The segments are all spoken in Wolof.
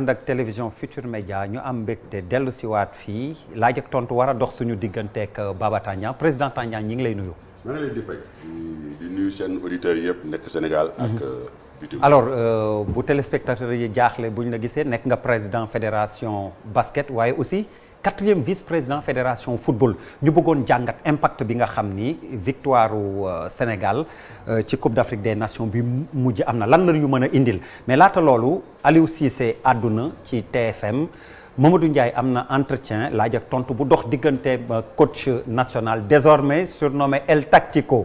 ànd ak télévision Futur Média ñu am mbégte dellu si waat fii laaj ak tontu war a dox suñu digganteeg Baba Tandian président Tandian ñi ngi lay nuyu. maa ngi leen di fay di nuyu seen auditeurs yëpp nekk Sénégal ak mhm. euh, bitim. alors euh, bu téléspectateur yi jaaxle buñ la gisee nekk nga président fédération basket waaye aussi. quatrième vice-président fédération football ñu bëggoon jàngat impact bi nga xam ni victoire euh, Sénégal euh, ci Coupe d'Afrique des Nations bi mujj am na lan la ñu mën a indil mais laata loolu Aliou Cissé àdduna ci TFM Mamadou Ndiaye am na entretien laaj tontu bu dox diggante ba coach national désormais surnommé El Tactico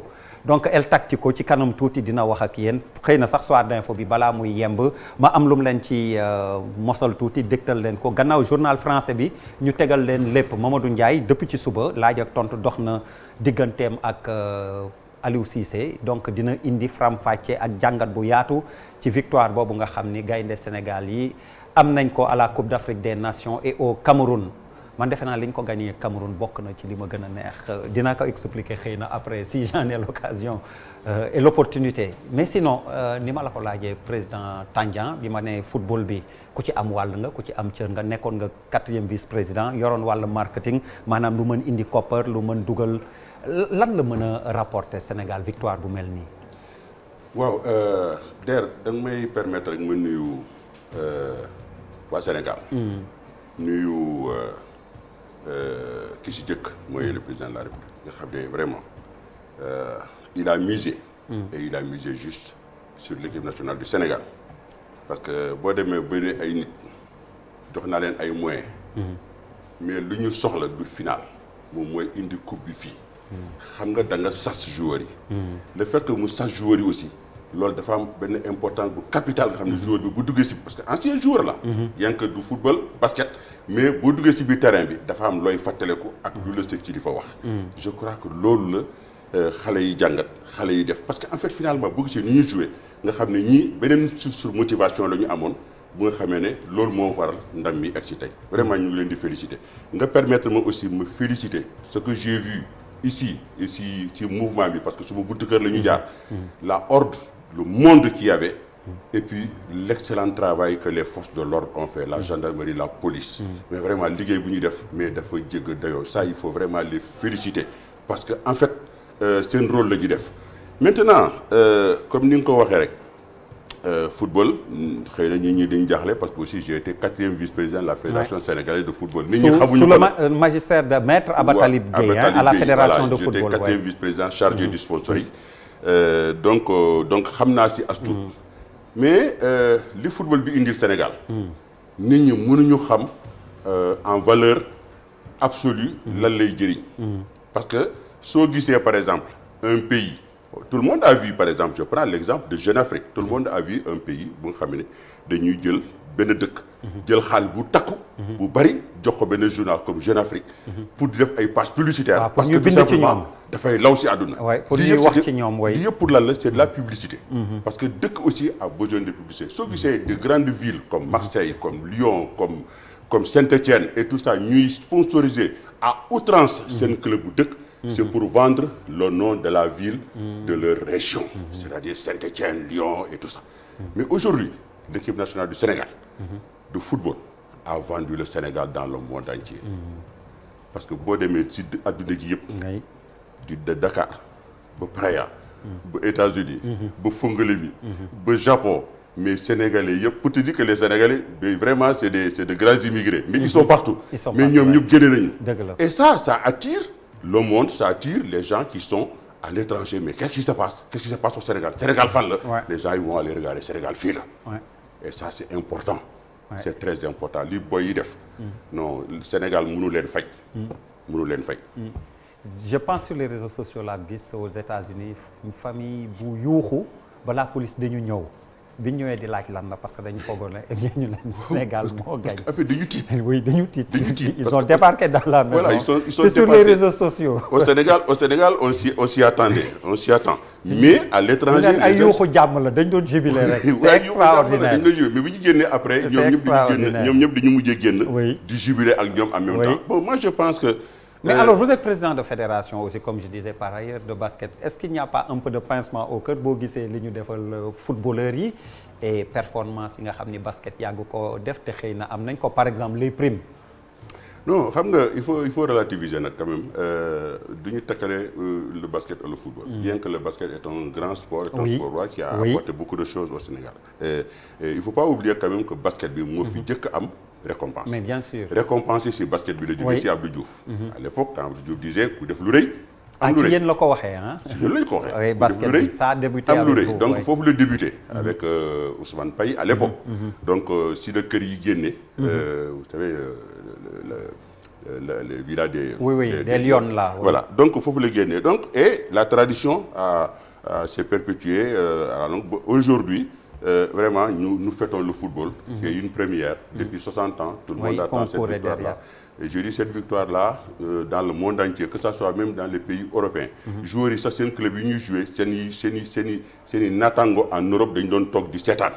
donc El Tactico ci kanam tuuti dina wax ak yéen xëy na sax soir d'info bi balaa muy yemb ma am lum leen ci euh, mosal tuuti dégtal leen ko gannaaw journal français bi ñu tegal leen lépp Mamadou njaay depuis ci suba laaj tontu dox na digganteem ak euh, Aliou Cissé donc dina indi faram ak jàngat bu yaatu ci victoire boobu nga xam ni gaynde Sénégal yi am nañ ko à la Coupe d'Afrique des Nations et au Cameroun man defe naa li ñu ko gagné Cameroun bokk na ci li ma gën a neex dinaa ko expliquer xëy na après si j'en ai l'occasion euh, et l'opportunité mais sinon euh, ni ma la ko laajee président Tandian bi ma ne football bi ku ci am wàll nga ku ci am cër nga nekkoon nga quatrième vice président yoroon wàll marketing maanaam lu mën indi koppar lu mën dugal lan la mën a rapporter Sénégal victoire bu mel nii. waaw euh, Der da nga permettre rek ma nuyu Sénégal. Hmm. nuyu. Euh, ki si jëkk mooy le président la république nga xam ne vraiment euh, il a misé mm. et il a misé juste sur l'équipe nationale du Sénégal parce que boo demee ba ne ay nit jox naa leen ay moyen mm. mais lu ñu soxla du final moom mooy indi coupe bi fii mm. xam nga da nga sas joueurs yi le fait que mu sas joueurs yi aussi loolu dafa am benn important bu capital nga xam ne joueur bi bu duggee si parce que ancien joueur la. bien mm-hmm. du football basket mais boo duggee si biir terrain bi dafa am looy ko ak lu la ci di fa wax mm. je crois que loolu la euh, xale yi jàngat xale yi def parce que en fait finalement bëgg ci ni ñuy joué nga xam ne ñii beneen source motivation la ñu amoon bu nga xamee ne loolu moo waral ndam mi ak si tey vraiment ñu ngi leen di féliciter nga permettre ma aussi ma féliciter ce que j'ai vu ici ci mouvement bi parce que suma buntu kër la ñu jaar mm. la horde lu monde qu'il y et puis l'excellent travail que les forces de l'ordre ont fait la mm. gendarmerie la police mm. mais vraiment liggéey bu ñuy def mais dafa jégg dayoo ça il faut vraiment les féliciter parce que en fait euh, seen rôle la ñu def maintenant euh, comme ni nga ko waxee rek euh, football xëy na ñu ñi dañ jaaxle parce que aussi j'ai été quatrième vice-président de la fédération sénégalaise de football nit ñi xamuñu ko sous de maître Abatalib Gueye à la fédération de football j'étais quatrième mm. donc donc xam naa si as mais euh, li football bi indil Sénégal. nit ñi mënuñu xam euh, en valeur absolue. lan lay jëriñ. parce que soo gisee par exemple un pays tout le monde a vu par exemple je prends l'exemple de Jeune Afrique tout le monde a vu un pays bu nga xam dañuy jël. benn dëkk. jël xaal bu takku. bu bari jox ko benn journal comme Jeune Afrique. pour di def ay pages publicitaires. Ah, parce que tout dafay law si àdduna. waay pour ñuy wax ci ñoom la c' est de mm-hmm. parce que dëkk aussi a besoin de publicité soo gisee de grandes villes comme Marseille comme Lyon comme comme Saint-Étienne et tout ça ñuy sponsoriser à outrance mm-hmm. seen club bu dëkk. c'est mm-hmm. pour vendre le nom de la ville. de leur région. c'est-à-dire Saint-Étienne Lyon et tout ça. mais aujourd'hui l'équipe nationale du Sénégal. de football a vendu le Sénégal dans le monde entier. parce que boo demee ci adduna ji yëpp. du de Dakar ba Praia. Mm. ba États-Unis mm-hmm. ba Fongolimbi mm-hmm. ba Japon mais sénégalais yëpp pour te dire que les sénégalais mais vraiment c'est des c'est de grands immigrés. mais ils sont partout. mais ñoom ñëpp jëlee nañu. et ça ça attire le monde ça attire les gens qui sont à l'étranger mais quest qui se passe quest qui se passe au Sénégal Sénégal fan la. les gens ils vont aller regarder Sénégal fii et ça c'est important ouais. c'est très important li boy yi def mm. non Sénégal mënu leen faj mënu mm. leen faj mm. je pense sur les réseaux sociaux laa gis aux États-Unis famille bu yuuxu ba la police dañu ñëw bi ñu ñëwee di laaj lan na parce que dañu foogoon ne eh ñu ne Sénégal moo gañ. dañu tiit. oui dañu tiit. ils ont débarqué dans la maison. c'est sur les réseaux sociaux. au Sénégal au Sénégal on s'y on on s'y attend mais à l'étranger ay yuuxu jàmm la dañ doon jubilé mais bu ñu génnee après. c'est extraordinaire ñoom ñëpp dañu mujjee génn. oui di jubilé ak ñoom en même temps. pense que. Mais euh... alors, vous êtes président de fédération aussi, comme je disais par ailleurs, de basket. Est-ce qu'il n'y a pas un peu de pincement au cœur boo gisee li ñu defal euh, footballeurs yi et performance yi nga xam ni basket yàgg ko def te xëy na am nañ ko par exemple les primes. non xam nga il faut il faut relativiser nag quand même euh, du ñu takkale euh, le basket et le football. Mmh. bien que le basket est un grand sport. est un oui. sport roi qui a oui. beaucoup de choses au Sénégal. Et, bi moo fi mm-hmm. jëkk am. récompense. mais bien récompense si basket bi la jógee si Abdou Diouf. Mhm. à l'époque quand Abdou ku def lu rëy. am lu rëy ah ci yéen la ko waxee ah. a débuté am lu rëy donc foofu la débuté. Mhm. avec euh, Ousmane Paye à l'époque. Mhm. donc euh, si la kër yi génne. Euh, vous savez le le village des. oui oui voilà donc foofu la génne donc et la tradition a s'est perpétuée à la aujourd'hui Euh, vraiment, nous, nous fêtons le football, mmh. qui mhm. est une première. Mhm. Depuis mmh. 60 ans, tout le oui, monde attend cette victoire-là. Euh, dans le monde entier, que ce soit même dans les pays européens. Mhm. Joueurs, ça, c'est un club qui joue, c'est un Natango en Europe, ils donnent toc 17 ans.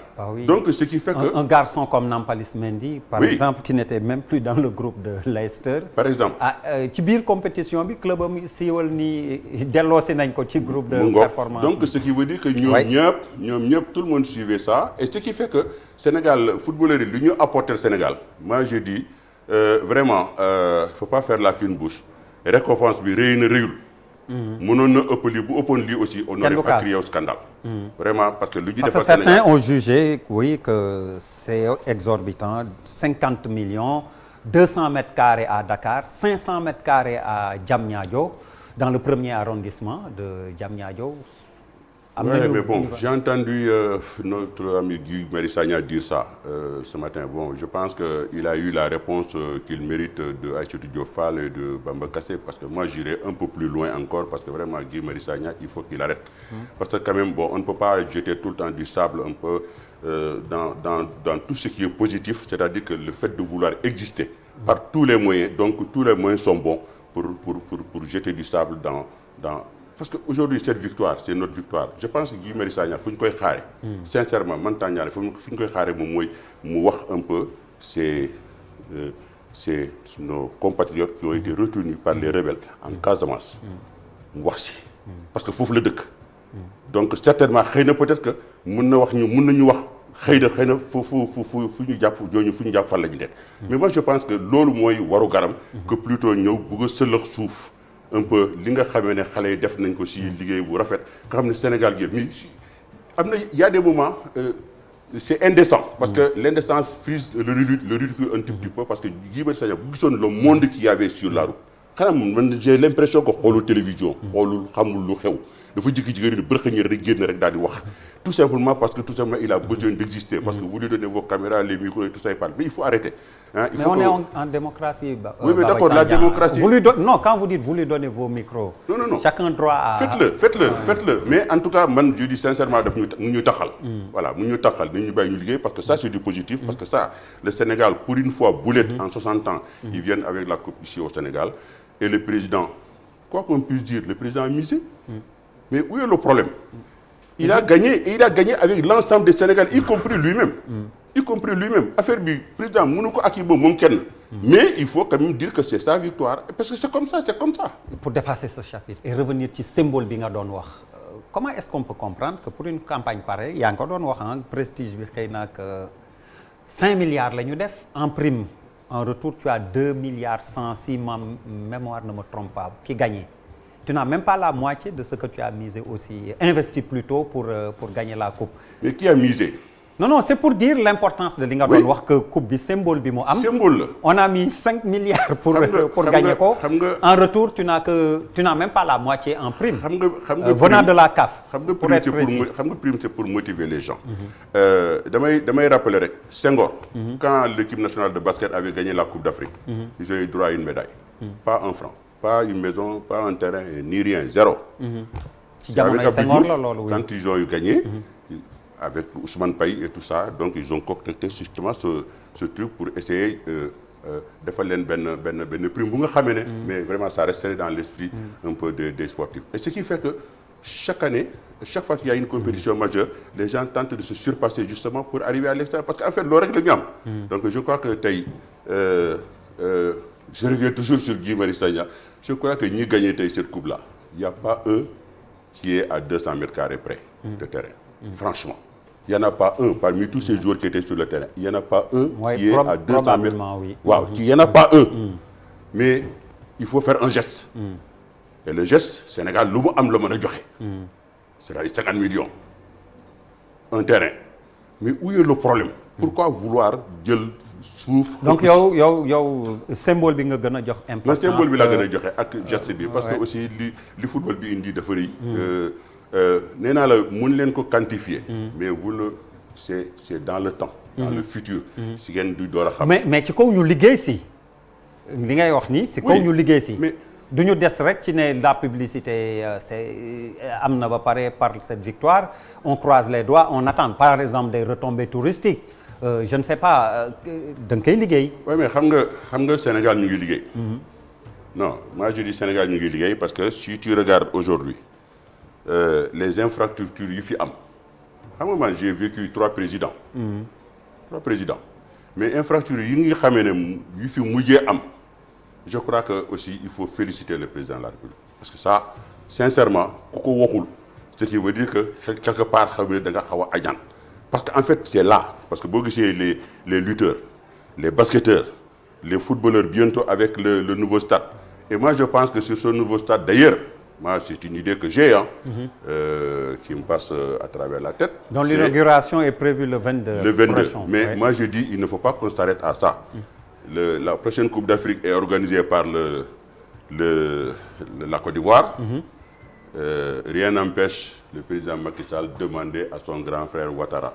Donc, ce qui fait que. Un, garçon comme Nampalis Mendy, par oui. exemple, qui n'était même plus dans le groupe de Leicester. Par exemple. Ah, euh, ci biir compétition bi club am siiwal ni delloosi nañ ko ci groupe de performance. jouer ça et ce qui fait que Sénégal footballeur lu ñu apporter Sénégal moi je dis euh, vraiment euh, faut pas faire la fine bouche récompense bi rëy na rëyul. Mhm. mënoon na ëpp lii bu ëppoon lii aussi. on n'aurait pas créé au scandale. Mhm. parce que lu ñu defal Sénégal certains ont jugé oui que c'est exorbitant cinquante cent mètres carrés à Dakar cinq cent mètres carrés à Diamniadio dans le premier arrondissement de Diamniadio. Oui, mais bon, j'ai entendu euh, notre ami Guy Mérissagna dire euh, ce matin. Bon, je pense qu'il a eu la réponse euh, qu'il mérite de Aïssatou Diofal et de Bamba Kassé, parce que moi j'irai un peu plus loin encore, parce que vraiment Guy Mérissagna, il faut qu'il arrête. Mm. Parce que quand même, bon, on ne peut pas jeter tout le temps du sable un peu euh, dans, dans, dans, tout ce qui est positif, c'est-à-dire que le fait de vouloir exister par tous les moyens, donc tous les moyens sont bons pour, pour, pour, pour jeter du sable dans, dans parce que aujourd'hui cette victoire c'est notre victoire je pense que Guy Marius Sagna fu ñu koy xaare sincèrement man Tandiane fu ñu koy xaare moom mooy mu wax un peu c'est euh, c'est nos compatriotes qui ont été retenus par les rebelles en Casamance mu wax si parce que foofu la dëkk donc certainement xëy na peut-être que mun na wax ñu na ñu wax xëy na xëy na fu fu fu fu ñu jàpp ñooñu fu ñu jàpp fan la ñu nekk mais moi je pense que loolu mooy waru garam que plutôt ñëw bëgg a suuf un peu li nga xamee ne xale yi def nañ ko si liggéey bu rafet nga xam ne Sénégal gi si am na y a des moments euh, c'est indécent parce que mm. l'indécence frise le ridicule le ridicule un tout petit parce que Guy Marius Sagna bu gisoon le monde qu'il y avait sur la route xanaa man j'ai l'impression que xoolul télévision mm. xoolul xamul lu xew dafa jékki-jékki ni bërëx ñi rek wax tout simplement parce que il a besoin d'exister parce que vous lui vos caméras les micros et tout ça il parle mais il faut arrêter en, démocratie bah, non quand vous dites vous lui vos micros non non non chacun le faites-le mais en tout cas man je sincèrement daf mu ñu taxal mm. mu ñu taxal dañu bàyyi ñu parce que ça c'est du positif mm. parce que ça le Sénégal pour une fois boulette mm. en Mais où est le problème Il a gagné, et il a gagné avec l'ensemble des Sénégalais, y compris lui-même. Y compris lui-même. Affaire du président Mounouko Akibo Monken. Mais il faut quand même dire que c'est sa victoire. Parce que c'est comme ça, c'est comme ça. Pour dépasser ce chapitre et revenir sur le symbole Binga Donwar, euh, comment est-ce qu'on peut comprendre que pour une campagne pareille, il y a encore un prestige, que 5 milliards en prime. En retour, tu as ma mémoire ne me trompe pas, tu n'as même pas la moitié de ce que tu as misé aussi, investi plutôt pour, euh, pour gagner la coupe. Mais qui a misé non, non, c'est pour dire l'importance de li nga doon wax que coupe bi symbole bi mu symbole on a mis milliards. pour euh, gagner ko en retour tu n'as même pas la moitié en prime. xam nga xam nga euh, venant de la CAF. pour être précis xam nga prime c'est pour motiver les gens. Mhm. Euh, damay damay rappeler rek Senghor. Mhm. quand l'équipe nationale de basket avait gagné la coupe d'Afrique. Mhm. ils ont droit une médaille. pas un franc. pas une maison pas un terrain ni rien zéro. Mhm. ci jamonoy Senghor la loolu oui quand ils ont eu gagné. Mhm. avec Ousmane Paye et tout ça donc ils ont concocté justement ce ce truc pour essayer. Euh, euh, defal leen benn benn benn prime bu nga xamee ne. Mhm. mais vraiment ça resterait dans l' esprit. un peu des des sportifs. et ce qui fait que chaque année chaque fois qu'il y a une compétition majeure les gens tentent de se surpasser justement pour arriver à l'extra parce que en fait loolu rek donc je crois que tey euh, euh toujours sur Guy Marius je crois que ñi gagné tey cette coupe y' a pas un qui est à deux cent mètres carrés près. de terrain. franchement y' en a pas un parmi tous ces joueurs qui étaient sur le terrain y' en a pas un. qui est à deux cent mm-hmm. qui y' en a pas un. Mm-hmm. mais il faut faire un geste. Mm-hmm. le geste Sénégal lu am la mën a joxe. c'est-à-dire un terrain mais où est le problème. pourquoi vouloir jël suuf. donc yow yow yow symbole bi nga gën a jox importance. le bi laa euh, gën a joxe ak geste bi. Euh, parce que aussi li li football bi indi dafa rëy. Hmm. Euh, nee naa la mun leen ko quantifier. Hmm. mais vous le est dans le temps. dans hmm. le futur. si ngeen du door a xam. mais mais ci kaw ñu liggéey si. li ngay wax nii ñu liggéey si. du ñu des rek ci ne la publicité c'est am na ba pare par cette victoire on croise les doigts on attend par exemple des retombées touristiques. Euh, je ne sais pas euh, da nga koy liggéey. oui mais xam nga xam nga Sénégal ñu ngi liggéey. Mm-hmm. non moi je dis Sénégal ñu ngi liggéey parce que si tu regardes aujourd'hui euh, les infrastructures yi fi am xam nga man j'ai vécu trois présidents. Mmh. trois présidents mais infrastructures yi nga xamee ne yu fi mujjee am je crois que aussi il faut féliciter le président de la République parce que ça sincèrement ku ko waxul ce qui veut dire que quelque part xam ne da nga xaw a añaan parce que en fait c'est là parce que boo gisee les les les basketteurs les footballeurs bientôt avec le le nouveau stade et moi je pense que sur ce nouveau stade d'ailleurs moi c'est une idée que j'ai hein mm -hmm. qui me passe euh, à travers la tête donc l'inauguration est prévue le 22 le 22 prochain, mais je dis il ne faut pas qu'on à ça mm. le, la prochaine Coupe d'Afrique est organisée par le le, le la Côte d'Ivoire mhm. Euh, rien n'empêche le président Macky Sall à son grand frère Ouattara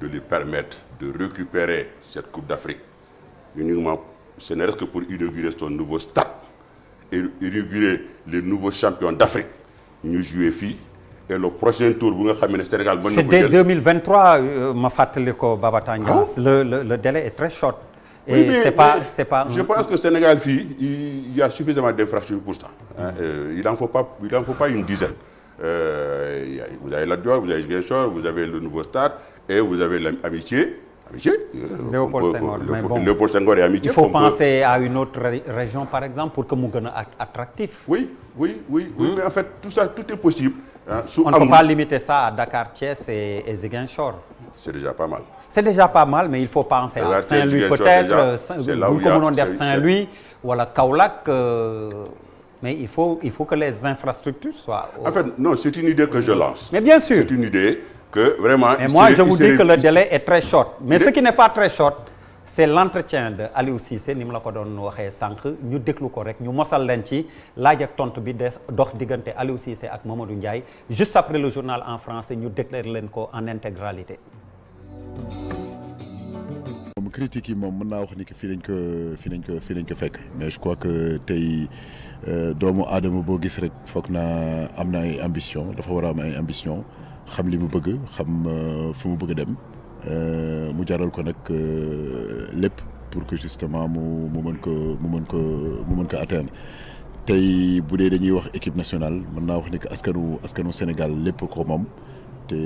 de lui permettre de récupérer cette Coupe d'Afrique uniquement, ce n'est que pour inaugurer son nouveau stade et inaugurer le nouveau champion d'Afrique ñu joué fii et le prochain tour bu nga xame ne Sénégal mën na ko jël euh, fàttali ko Baba Tandian ah? le le délai est très short et oui, mais, pas c'est pas. je pense que Sénégal fii il a suffisamment d'infrastructures pour ça. Hein, euh, il en faut pas il en faut pas une dizaine. Euh, vous avez Lat vous avez le nouveau stade et vous avez l'amitié amitié. Euh, Léopold Senghor mais amitié. il faut penser à une autre région par exemple pour que mu gën a attractif. oui oui oui oui hmm. mais en fait tout ça tout est possible. Hein, sous on ne peut pas limiter ça à Dakar Thiès et, et c'est déjà pas mal. c'est déjà pas mal mais il faut penser à Saint-Louis peut-être bu ko mënoon def saint wala Kaolack euh, mais il faut il faut que les infrastructures soient au... en fait non c'est une idée que je lance mais bien sûr c'est une idée que mais moi je vous dis que le délai est très short mais ce qui n'est pas très short c'est l'entretien de Aliou Cissé ni mu la ko doon waxee sànq ñu déglu ko rek ñu mosal leen ci laaj ak tontu bi des dox diggante Aliou Cissé ak Mamadou Ndiaye juste après le journal en français ñu déclare leen ko en intégralité moom critique yi moom mën naa wax ni que fii lañ ko fii lañ ko fii lañ ko fekk mais je crois que tey euh, doomu aadama boo gis rek foog naa am na ay ambition dafa war a am ay ambition xam li mu bëgg xam euh, fu mu bëgg dem euh, mu jaral ko nag lépp pour que justement mu mu mën ko mu mën ko mu mën ko atteindre tey bu dee dañuy wax équipe nationale mën naa wax ni que askanu askanu Sénégal lépp ko moom te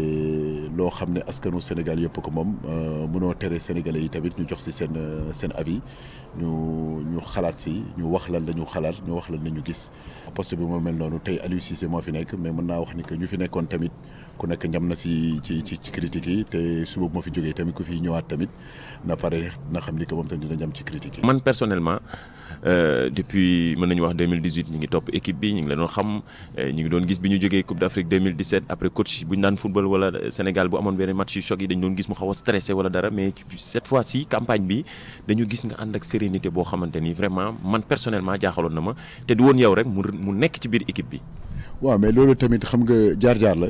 loo xam ne askanu Sénégal yëpp ko moom euh, mënoo tere sénégalais yi tamit ñu jox si seen euh, seen avis ñu ñu xalaat si ñu wax lan la ñu xalaat ñu wax lan la ñu gis poste bi moo mel noonu tey Aliou Cissé moo fi nekk mais mën naa wax ni que ñu fi nekkoon tamit ku nekk ñam na si ci ci ci critiques yi te suba bu ma fi jógee tamit ku fi ñëwaat tamit na pare na xam ni que moom tamit dina ñam ci critiques yi. man personnellement. Euh, depuis mën nañu wax 2018 ñi ngi topp équipe bi ñi ngi la xam euh, ñi ngi doon gis bi ñu jógee Coupe d'Afrique 2017 après coach bu ñu daan football wala euh, Sénégal bu amoon benn match yu choc yi dañu doon gis mu xaw a stressé wala dara mais cette fois ci campagne bi dañu gis nga ànd ak sérénité boo xamante ni vraiment man personnellement jaaxaloon na ma te du woon yow rek mu mu nekk ci biir équipe bi. waaw mais loolu tamit xam nga jaar-jaar la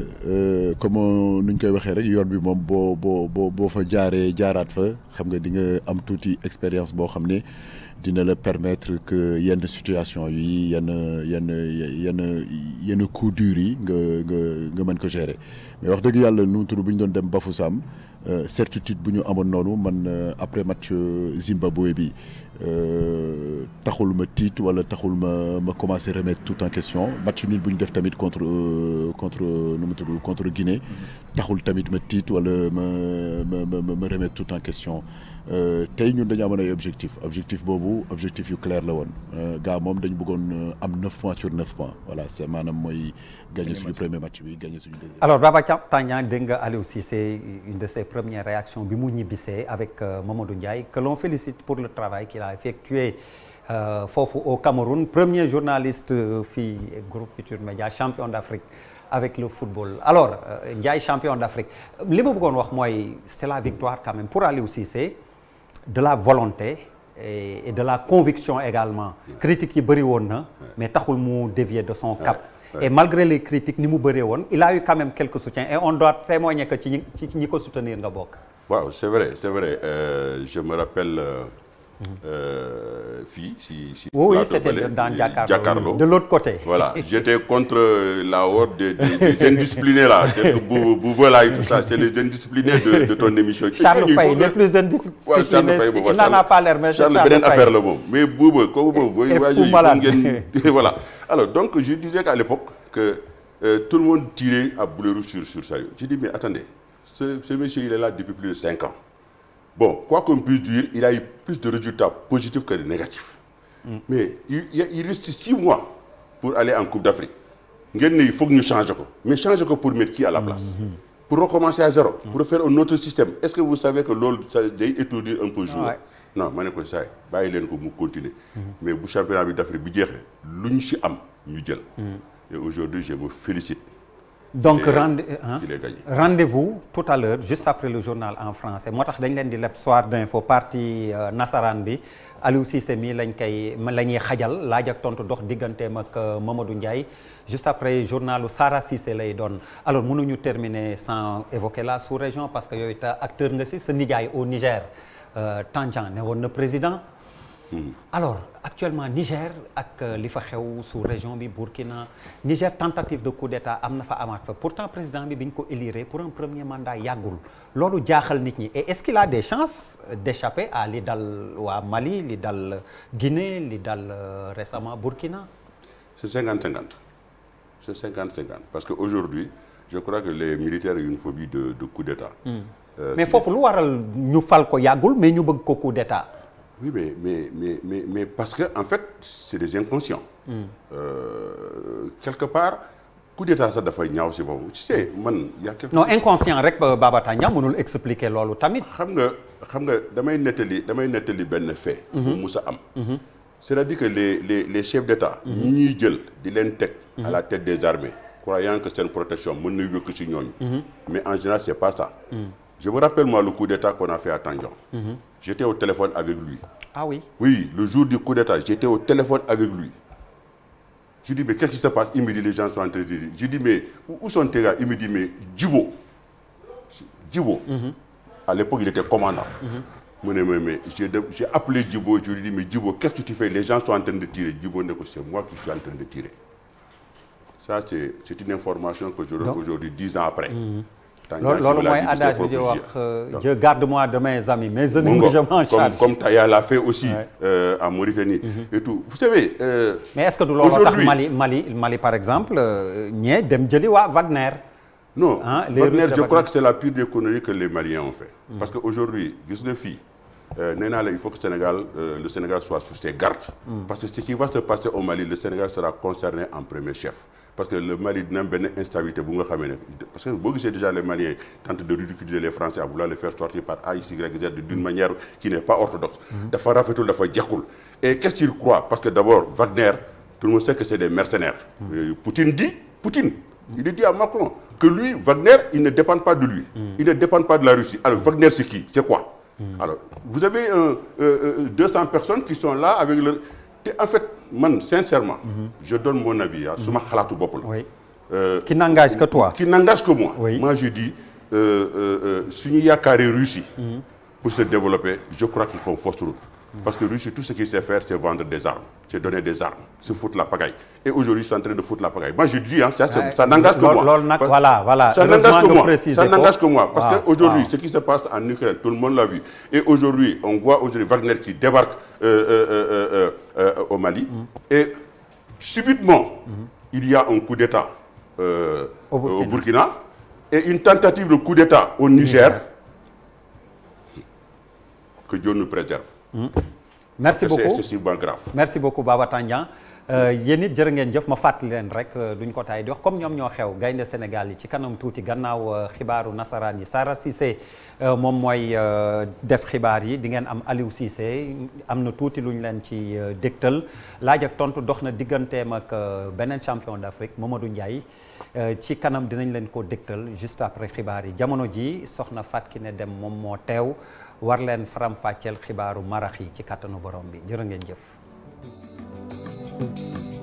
comme nuñ koy waxee rek yoon bi moom boo boo boo boo fa jaaree jaaraat fa xam nga di am tuuti expérience boo xam ne. dina la permettre que yenn situation yi yenn yenn yenn yenn coup dur yi nga nga nga mën ko gérer mais wax dëgg yàlla nu bu ñu doon dem Bafoussam euh, certitude bu ñu amoon noonu man euh, après match euh, Zimbabwe bi Euh, taxul ma tiit wala taxul ma ma commencé remettre tout en question match nul bu ñu def tamit contre euh, contre euh, nu mu tudd contre Guinée taxul tamit ma tiit wala ma ma ma ma remettre tout en question tey ñun dañu amoon ay objectif objectif boobu objectif yu clair la woon gaa moom dañu bëggoon am 9 points sur 9 points voilà c'est maanaam mooy gagner suñu premier match bi gagner suñu deuxième. alors Baba Tandian dégg nga Aliou Cissé une de ses premières réactions bi mu ñibbisee avec Mamadou Ndiaye que l'on pour le travail a effectué euh, foofu au Cameroun premier journaliste euh, fii groupe Futur Média champion d'Afrique avec le football alors euh, Ndiaye champion d'Afrique li ma bëggoon wax mooy c'est la victoire quand même pour Aliou Cissé de la volonté et, et de la conviction également critiques yi bëri woon na mais taxul mu dévier de son cap et malgré les critiques ni mu bëree woon il a eu quand même quelques soutiens et on doit témoigner ci ñi ci ñi ko soutenir nga bokk waaw c'est vrai Euh, fii si si. oui c'était dans Jakaarlo de l'autre côté. voilà j'étais contre la horde des des indisciplinés là bu bu voilà et tout ça c'est les indisciplinés de de ton émission. Charles Faye les plus indisciplinés Charles Faye boobu Charles beneen affaire la moom mais buuba kooku boobu. et Fou Malade ngeen voilà. alors donc je disais qu'à l'époque que euh, tout le monde tirait à boulet rouge sur sur Sadio je dis mais attendez ce ce monsieur il depuis plus de cinq ans. bon quoi qu'on puisse dire il a eu plus de résultats positifs que de négatifs. Mm. mais il, il reste six mois pour aller en Coupe d'Afrique ngeen ne il faut que ñu changer ko mais changer ko pour mettre qui à la place. Mm-hmm. pour recommencer à zéro. Mmh. pour faire un autre système est-ce que vous savez que loolu ça day étourdir un peu jour. non ma ko saay bàyyi leen ko mu continuer. Mm-hmm. mais bu championnat bi d'Afrique bu jeexee lu ñu si am ñu jël. Mm. et aujourd'hui je me félicite. donc rendez rendez-vous tout à l'heure juste après le journal en français moo tax dañ leen di leb soir d'info parti euh, nasaraan bi Aliou Cissé mi lañ koy la ñuy xajal laaj ak tontu dox digganteem ak euh, Mamadou Ndiaye juste après journalu Sara Cissé lay doon alors mënuñu terminer sans évoquer la sous-région parce que yooyu ta acteur nga si sa nijaay au Niger euh, Tandian ne woon na président Mm-hmm. alors actuellement Niger ak euh, li fa xew sous région bi Burkina Niger tentative de coup d'état am na fa amaat fa pourtant président bi bi ñu ko élire pour un premier mandat yàggul loolu jaaxal nit ñi et est-ce qu'il a des chances d'échapper à li dal waa Mali li dal Guinée li dal euh, récemment Burkina c'est cinquante cinquante c'est cinquante cinquante parce que aujourd'hui je crois que les militaires ont de coup d'état mm. euh, mais foofu lu waral ñu fal ko yàggul mais ñu bëgg ko coup d'état oui mais mais mais mais mais parce que en fait c'est des inconscients. Hmm. Euh, quelque part coup d'état sax dafay ñaaw si boobu tu sais man. y a quelque non inconscient rek euh, Baba Tandian mënul expliquer loolu tamit. xam nga xam nga damay nettali damay nettali benn fait. bu mhm. mus am. Mhm. c'est-à-dire que les le les chefs d'état. Mhm. ñi ñuy jël di leen teg. a la tête des armées croyant que seen protection mën na yokk si ñooñu. mais en général c'est pas Je me rappelle, moi, le coup d'État qu'on a fait à Tangian. Mm -hmm. J'étais au téléphone avec lui. Ah le jour du coup d'État, j'étais au téléphone avec lui. Je lui mais qu'est-ce se passe Il me dit, gens sont en de dire. Je lui mais où sont tes gars Il me dit, mais Djibo. Djibo. Mm -hmm. À l'époque, il commandant. Mm -hmm. Mais, j'ai appelé Djibo, je lui mais Djibo, qu'est-ce que tu fais Les gens sont en train de tirer. Djibo, c'est moi qui suis en train de tirer. Ça, c'est une information que je aujourd'hui, dix loolu mooy adage bi di wax euh, je garde moi de mes amis mes ennemis je m'en l'a fait aussi en euh, Mauritanie mhm. et tout vous savez euh, mais est Mali Mali par exemple ñee dem jëli waa Wagner non ah, Wagner je que c'est la pire des conneries que les Maliens ont fait mhm. parce que aujourd'hui gis nga fii nee naa la il faut que Sénégal le Sénégal soit sur ses gardes mhm. parce que ce qui va se passer au Mali le Sénégal sera concerné en premier chef parce que le Mali dina am benn instabilité bu nga xamee ne parce que boo gisee déjà les Maliens tentent de ridiculiser les Français à vouloir les faire sortir par A, Y, Z d'une manière qui n'est pas orthodoxe mhm. dafa rafetul dafa jekkul et qu'est-ce qu'ils parce que d'abord Wagner tout le monde sait que c'est des mercenaires mmh. Poutine dit Poutine il dit à Macron que lui Wagner il ne dépend pas de lui mhm. il ne dépend pas de la Russie alors Wagner c'est te en fait man sincèrement. Mhm. je donne mon avis ah suma mhm. xalaatu bopp la. oui euh, qui n'engage que toi. qui n'engage que moi. oui moi je dis euh, euh, suñu yaakaaree Russie. Mhm. pour se développer je crois qu'il faut fausse Parce que Russie, tout ce qu'il sait faire, c'est vendre des armes, c'est donner des armes, se foutre la pagaille. Et aujourd'hui, c'est en de foutre la pagaille. Moi, je dis, hein, ça, n'engage que moi. Voilà, ah, que moi. Ah. ce qui se passe en Ukraine, tout le monde l'a vu. Et aujourd'hui, on voit aujourd'hui Wagner qui débarque euh, euh, euh, au Mali. Mm-hmm. Et subitement, mm-hmm. il y a un coup d'État au, Burkina et une tentative de coup d'État au Niger. Que Dieu nous préserve. Hmm. merci beaucoup c'est sûrement grave merci beaucoup Baba Tandian euh, yéen it jër ngeen jëf ma fàttali leen rek euh, duñ ko taay di wax comme ñoom ñoo xew gaynde Sénégal yi ci kanam tuuti gannaaw euh, xibaaru nasaraan yi Sara Cissé moom mooy def xibaar yi di ngeen am Aliou Cissé am na tuuti lu ñu leen ci dégtal laaj ak tontu dox na digganteem ak beneen champion d'Afrique Mamadou Ndiaye ci kanam dinañ leen ko dégtal juste après xibaar yi jamono ji soxna Fatou ne dem moom moo teew. war leen faram-fàcceel xibaaru marax yi ci kattanu borom bi jërë ngeen jëf.